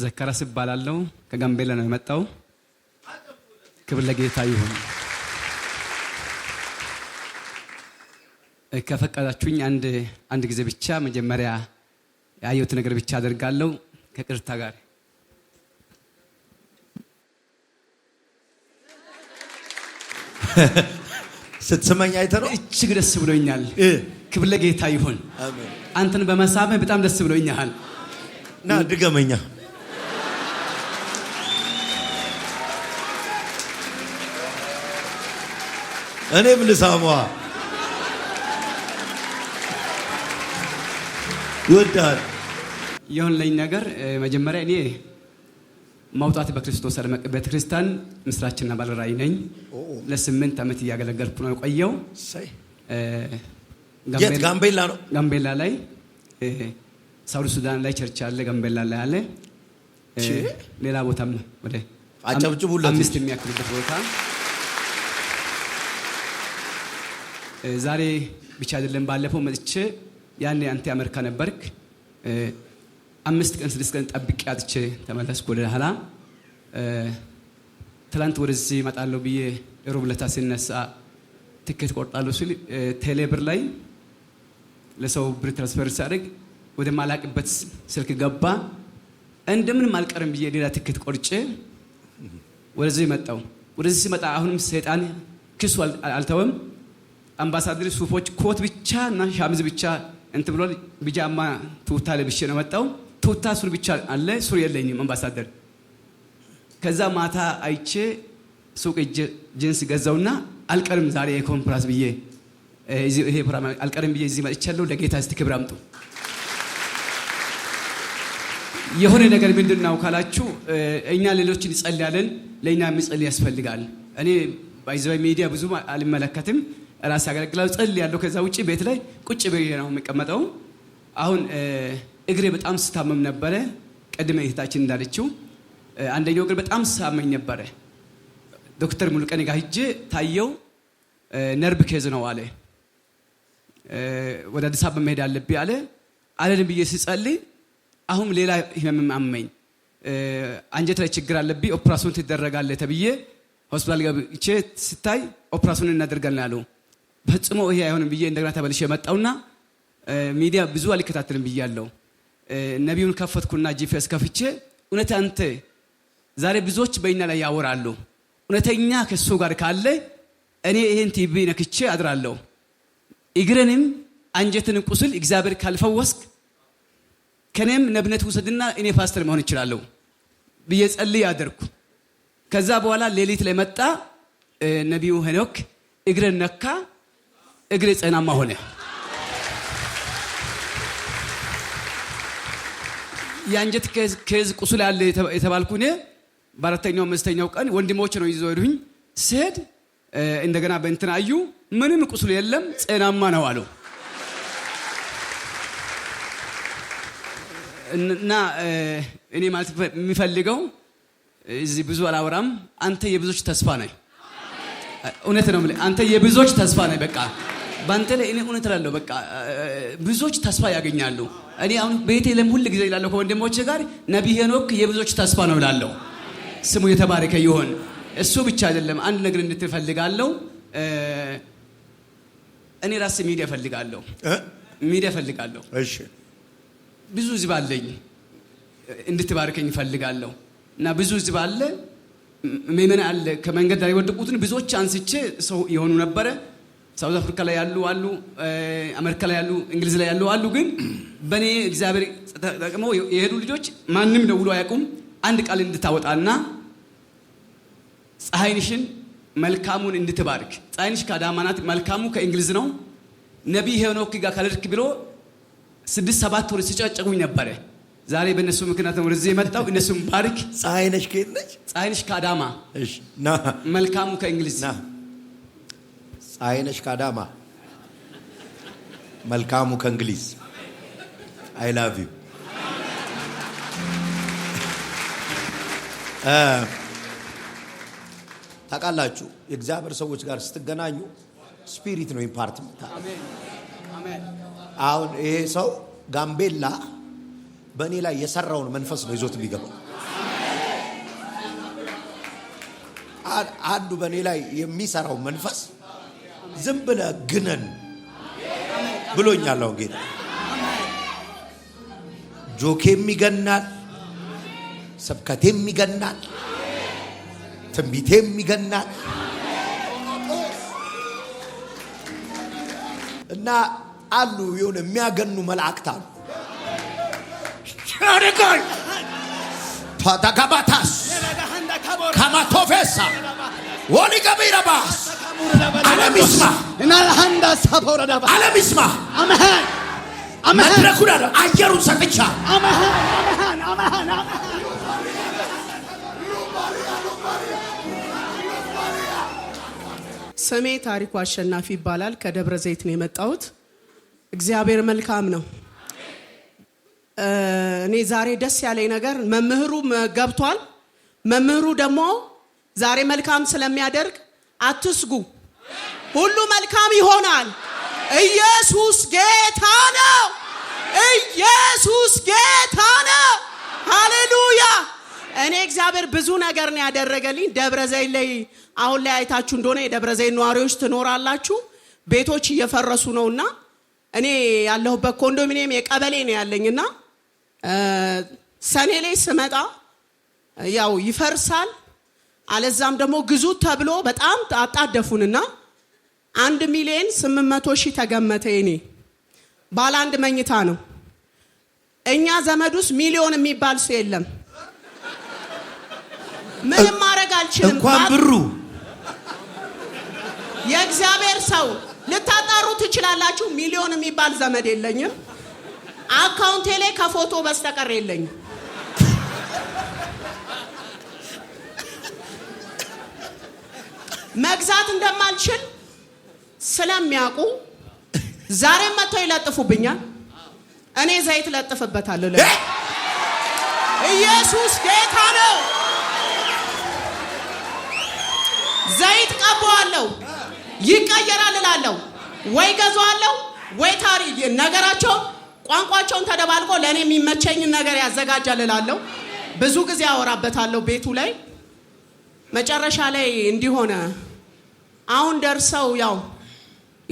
ዘከረስ እባላለሁ። ከጋምቤላ ነው የመጣው። ክብር ለጌታ ይሁን። ከፈቀዳችሁኝ አንድ አንድ ጊዜ ብቻ መጀመሪያ ያየሁት ነገር ብቻ አደርጋለሁ ከቅርታ ጋር ስትስመኝ አይተ ነው እጅግ ደስ ብሎኛል። ክብር ለጌታ ይሁን። አንተን በመሳብህ በጣም ደስ ብሎኛል። ና ድገመኛ እኔም ልሳሟ ይወዳል። የሆነልኝ ነገር መጀመሪያ እኔ ማውጣት በክርስቶስ ቤተክርስቲያን ምስራችንና ባልራይ ነኝ። ለስምንት ዓመት እያገለገልኩ ነው የቆየው። ጋምቤላ ነው። ጋምቤላ ላይ ሳውዲ ሱዳን ላይ ቸርች አለ። ጋምቤላ ላይ አለ። ሌላ ቦታም ወደ አምስት የሚያክልበት ቦታ ዛሬ ብቻ አይደለም፣ ባለፈው መጥቼ ያኔ አንተ አሜሪካ ነበርክ። አምስት ቀን ስድስት ቀን ጠብቄ አጥቼ ተመለስኩ ወደ ኋላ። ትላንት ወደዚህ እመጣለሁ ብዬ ሮብ ሲነሳ ትኬት ቆርጣለሁ ሲል ቴሌብር ላይ ለሰው ብር ትራንስፈር ሲያደርግ ወደ ማላቅበት ስልክ ገባ። እንደምንም አልቀርም ብዬ ሌላ ትኬት ቆርጬ ወደዚህ መጣው። ወደዚህ ሲመጣ አሁንም ሰይጣን ክሱ አልተወም። አምባሳደር ሱፎች ኮት ብቻ እና ሻምዝ ብቻ እንትን ብሎ ቢጃማ ቱታ ለብሼ ነው መጣው። ቱታ ሱሪ ብቻ አለ፣ ሱሪ የለኝም አምባሳደር። ከዛ ማታ አይቼ ሱቅ እጅ ጅንስ ገዛውና አልቀርም ዛሬ የኮንፍራንስ ብዬ ይሄ ፕሮግራም አልቀርም ብዬ እዚህ መጥቻለሁ። ለጌታ እስቲ ክብር አምጡ። የሆነ ነገር ምንድን ነው ካላችሁ፣ እኛ ሌሎችን እንጸልያለን፣ ለእኛ የሚጸልይ ያስፈልጋል። እኔ ባይዘ ሚዲያ ብዙም አልመለከትም። ራሴ አገለግላለሁ፣ ጸልያለሁ። ከዛ ውጭ ቤት ላይ ቁጭ ብዬ ነው የሚቀመጠው። አሁን እግሬ በጣም ስታመም ነበረ። ቀድመ እህታችን እንዳለችው አንደኛው እግር በጣም ስታመኝ ነበረ። ዶክተር ሙሉቀን ጋር ሂጄ ታየው። ነርብ ኬዝ ነው አለ። ወደ አዲስ አበባ መሄድ አለብኝ አለ። አለን ብዬ ስጸልይ አሁን ሌላ ህመምም አመኝ። አንጀት ላይ ችግር አለብኝ፣ ኦፕራሲዮን ትደረጋለህ ተብዬ ሆስፒታል ገብቼ ስታይ ኦፕራሲዮን እናደርጋለን አሉ። ፈጽሞ ይሄ አይሆንም ብዬ እንደገና ተመልሼ መጣውና ሚዲያ ብዙ አልከታተልም ብያለሁ። ነቢዩን ከፈትኩና ጂፒኤስ ከፍቼ እውነት አንተ ዛሬ ብዙዎች በእኛ ላይ ያወራሉ። እውነተኛ ከሱ ጋር ካለ እኔ ይህን ቲቪ ነክቼ አድራለሁ። እግርንም አንጀትን ቁስል እግዚአብሔር ካልፈወስክ ከኔም ነብነት ውሰድና እኔ ፓስተር መሆን እችላለሁ ብዬ ጸልይ አደርኩ። ከዛ በኋላ ሌሊት ላይ መጣ ነቢዩ ሄኖክ እግርን ነካ። እግሬ ጤናማ ሆነ። የአንጀት ከዝ ቁስል አለ የተባልኩ እኔ በአራተኛው አምስተኛው ቀን ወንድሞች ነው ይዞ ሄዱኝ። ስሄድ እንደገና በእንትን አዩ፣ ምንም ቁስሉ የለም ጤናማ ነው አለው። እና እኔ ማለት የሚፈልገው እዚህ ብዙ አላወራም። አንተ የብዙዎች ተስፋ ነህ። እውነት ነው። አንተ የብዙዎች ተስፋ ነህ። በቃ በአንተ ላይ እኔ እውነት እላለሁ። በቃ ብዙዎች ተስፋ ያገኛሉ። እኔ አሁን ቤቴ ለም ሁል ጊዜ ይላለሁ ከወንድሞች ጋር ነቢይ ሄኖክ የብዙዎች ተስፋ ነው እላለሁ። ስሙ የተባረከ ይሆን። እሱ ብቻ አይደለም፣ አንድ ነገር እንድትፈልጋለሁ። እኔ ራሴ ሚዲያ እፈልጋለሁ፣ ሚዲያ እፈልጋለሁ። እሺ፣ ብዙ ህዝብ አለኝ፣ እንድትባርከኝ እፈልጋለሁ። እና ብዙ ህዝብ አለ፣ ምእመን አለ፣ ከመንገድ ዳር የወደቁትን ብዙዎች አንስቼ ሰው የሆኑ ነበረ ሳውዝ አፍሪካ ላይ ያሉ አሉ፣ አሜሪካ ላይ ያሉ፣ እንግሊዝ ላይ ያሉ አሉ። ግን በእኔ እግዚአብሔር ተጠቅመው የሄዱ ልጆች ማንም ደውሎ አያውቁም። አንድ ቃል እንድታወጣና ፀሐይንሽን መልካሙን እንድትባርክ ፀሐይንሽ ከአዳማ ናት፣ መልካሙ ከእንግሊዝ ነው። ነቢይ ሄኖክ ጋር ካልሄድክ ብሎ ስድስት ሰባት ወር ሲጨጨቁኝ ነበረ። ዛሬ በእነሱ ምክንያት ነው ወደዚህ የመጣው። እነሱም ባርክ። ፀሐይነሽ ከየት ነች? ፀሐይነሽ ከአዳማ መልካሙ ከእንግሊዝ ፀሐይነሽ ካዳማ፣ መልካሙ ከእንግሊዝ አይ ላቭ ዩ። ታውቃላችሁ የእግዚአብሔር ሰዎች ጋር ስትገናኙ ስፒሪት ነው ኢምፓርት። አሁን ይሄ ሰው ጋምቤላ በእኔ ላይ የሰራውን መንፈስ ነው ይዞት የሚገባው። አንዱ በእኔ ላይ የሚሰራው መንፈስ ዝም ብለ ግነን ብሎኛል። ጌታ ጆኬም ይገናል፣ ስብከቴም ይገናል፣ ትንቢቴም ይገናል። እና አሉ የሆነ የሚያገኑ መላእክት አሉ ሻርጋይ ፓታካባታስ ከማቶፌሳ ወሊቀቢረባስ ስሜ ታሪኩ አሸናፊ ይባላል። ከደብረ ዘይት ነው የመጣሁት። እግዚአብሔር መልካም ነው። እኔ ዛሬ ደስ ያለኝ ነገር መምህሩ ገብቷል። መምህሩ ደግሞ ዛሬ መልካም ስለሚያደርግ አትስጉ፣ ሁሉ መልካም ይሆናል። ኢየሱስ ጌታ ነው። ኢየሱስ ጌታ ነው። ሃሌሉያ። እኔ እግዚአብሔር ብዙ ነገር ነው ያደረገልኝ። ደብረ ዘይት ላይ አሁን ላይ አይታችሁ እንደሆነ የደብረ ዘይት ነዋሪዎች ትኖራላችሁ። ቤቶች እየፈረሱ ነውና እኔ ያለሁበት ኮንዶሚኒየም የቀበሌ ነው ያለኝና ሰኔ ላይ ስመጣ ያው ይፈርሳል አለዛም ደግሞ ግዙ ተብሎ በጣም አጣደፉንና አንድ ሚሊዮን ስምንት መቶ ሺህ ተገመተ። የኔ ባለ አንድ መኝታ ነው። እኛ ዘመድ ውስጥ ሚሊዮን የሚባል ሰው የለም። ምንም ማድረግ አልችልም። እንኳን ብሩ የእግዚአብሔር ሰው ልታጣሩ ትችላላችሁ። ሚሊዮን የሚባል ዘመድ የለኝም። አካውንቴ ላይ ከፎቶ በስተቀር የለኝም። መግዛት እንደማልችል ስለሚያውቁ ዛሬም መጥተው ይለጥፉብኛል። እኔ ዘይት ለጥፍበታለሁ። ኢየሱስ ጌታ ነው። ዘይት ቀበዋለሁ፣ ይቀየራል እላለሁ። ወይ ገዛዋለሁ ወይ ታሪ ነገራቸው ቋንቋቸውን ተደባልቆ ለእኔ የሚመቸኝን ነገር ያዘጋጃል እላለሁ። ብዙ ጊዜ ያወራበታለሁ ቤቱ ላይ መጨረሻ ላይ እንዲሆነ አሁን ደርሰው ያው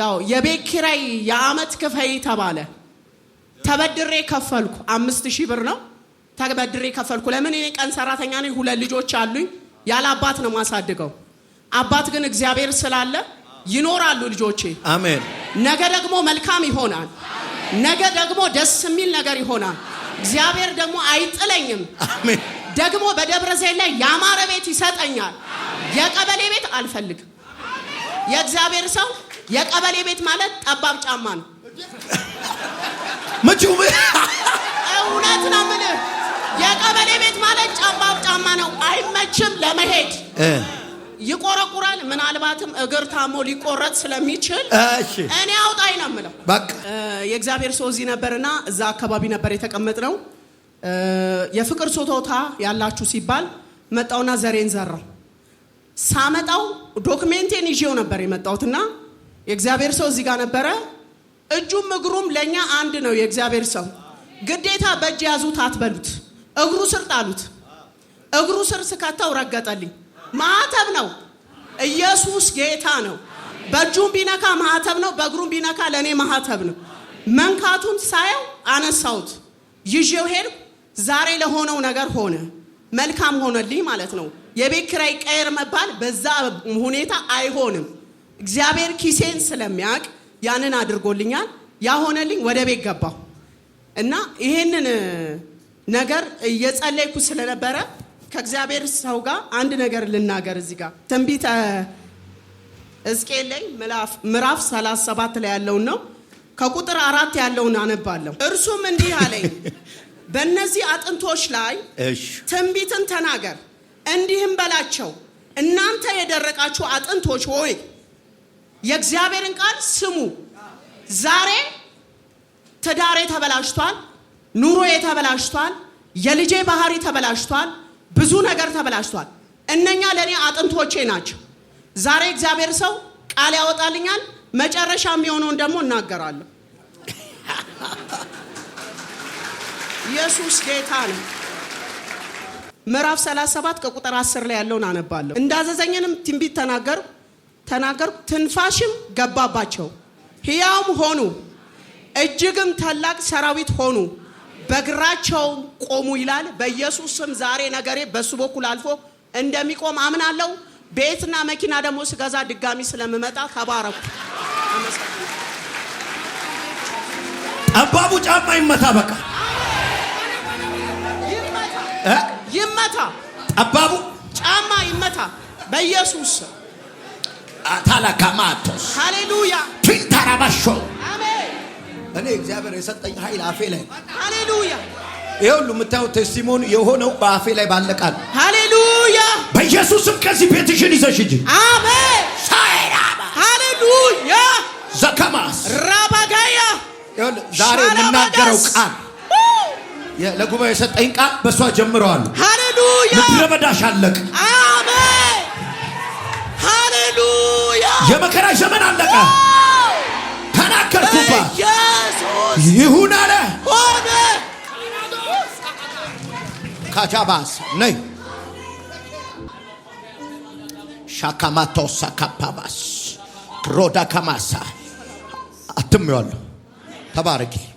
ያው የቤት ኪራይ የአመት ክፈይ ተባለ። ተበድሬ ከፈልኩ አምስት ሺህ ብር ነው ተበድሬ ከፈልኩ። ለምን እኔ ቀን ሰራተኛ ነኝ፣ ሁለት ልጆች አሉኝ። ያለ አባት ነው ማሳድገው። አባት ግን እግዚአብሔር ስላለ ይኖራሉ ልጆቼ። አሜን። ነገ ደግሞ መልካም ይሆናል። ነገ ደግሞ ደስ የሚል ነገር ይሆናል። እግዚአብሔር ደግሞ አይጥለኝም። አሜን። ደግሞ በደብረ ዘይት ላይ ያማረ ቤት ይሰጠኛል። የቀበሌ ቤት አልፈልግም። የእግዚአብሔር ሰው የቀበሌ ቤት ማለት ጠባብ ጫማ ነው። ምቹ እውነት ነው ምን የቀበሌ ቤት ማለት ጠባብ ጫማ ነው። አይመችም ለመሄድ ይቆረቁራል። ምናልባትም እግር ታሞ ሊቆረጥ ስለሚችል እኔ አውጣኝ ነው የምለው። የእግዚአብሔር ሰው እዚህ ነበርና እዛ አካባቢ ነበር የተቀመጥነው። የፍቅር ስጦታ ያላችሁ ሲባል መጣውና ዘሬን ዘራው። ሳመጣው ዶክሜንቴን ይዤው ነበር የመጣሁትና የእግዚአብሔር ሰው እዚህ ጋር ነበረ። እጁም እግሩም ለእኛ አንድ ነው። የእግዚአብሔር ሰው ግዴታ በእጅ ያዙት አትበሉት። እግሩ ስር ጣሉት። እግሩ ስር ስከታው ረገጠልኝ። ማዕተብ ነው። ኢየሱስ ጌታ ነው። በእጁም ቢነካ ማዕተብ ነው። በእግሩም ቢነካ ለእኔ ማዕተብ ነው። መንካቱን ሳየው አነሳሁት፣ ይዤው ሄድኩ። ዛሬ ለሆነው ነገር ሆነ፣ መልካም ሆነልኝ ማለት ነው። የቤት ኪራይ ቀየር መባል በዛ ሁኔታ አይሆንም። እግዚአብሔር ኪሴን ስለሚያውቅ ያንን አድርጎልኛል። ያሆነልኝ ወደ ቤት ገባሁ እና ይህንን ነገር እየጸለይኩ ስለነበረ ከእግዚአብሔር ሰው ጋር አንድ ነገር ልናገር። እዚህ ጋር ትንቢተ ሕዝቅኤል ላይ ምዕራፍ 37 ላይ ያለውን ነው። ከቁጥር አራት ያለውን አነባለሁ። እርሱም እንዲህ አለኝ በእነዚህ አጥንቶች ላይ ትንቢትን ተናገር፣ እንዲህም በላቸው እናንተ የደረቃችሁ አጥንቶች ሆይ የእግዚአብሔርን ቃል ስሙ። ዛሬ ትዳሬ ተበላሽቷል፣ ኑሮዬ ተበላሽቷል፣ የልጄ ባህሪ ተበላሽቷል፣ ብዙ ነገር ተበላሽቷል። እነኛ ለእኔ አጥንቶቼ ናቸው። ዛሬ እግዚአብሔር ሰው ቃል ያወጣልኛል፣ መጨረሻ የሚሆነውን ደግሞ እናገራለሁ። ኢየሱስ ጌታ ነው። ምዕራፍ 37 ከቁጥር 10 ላይ ያለውን አነባለሁ። እንዳዘዘኝንም ትንቢት ተናገር ተናገር ትንፋሽም ገባባቸው፣ ሕያውም ሆኑ፣ እጅግም ታላቅ ሰራዊት ሆኑ፣ በግራቸውም ቆሙ ይላል። በኢየሱስ ስም ዛሬ ነገሬ በሱ በኩል አልፎ እንደሚቆም አምናለሁ። ቤትና መኪና ደግሞ ስገዛ ድጋሚ ስለምመጣ ተባረኩ። ጠባቡ ጫማ ይመታ በቃ ይመታ፣ ጠባቡ ጫማ ይመታ በኢየሱስ ታላካማቶስ ሃሌሉያ ፊንታራባሾ እኔ እግዚአብሔር የሰጠኝ ኃይል አፌ ላይ ሃሌሉያ። ይሄ ሁሉ የምታየው ቴስቲሞኒ የሆነው በአፌ ላይ ባለቃል። ሃሌሉያ በኢየሱስም ከዚህ ቤትሽን ይዘሽ እንጂ አሜን። ሳይራባ ሃሌሉያ ዘከማስ ራባጋያ ዛሬ የምናገረው ቃል ለጉባኤ የሰጠኝ ቃል በእሷ ጀምረዋል ሃሌሉያ! ምድረ በዳሽ አለቅ። አሜን! ሃሌሉያ! የመከራ ዘመን አለቀ። ተናከርኩባት። ይሁን አለ ሆነ። ካቻባስ ነይ ሮዳ ተባረኪ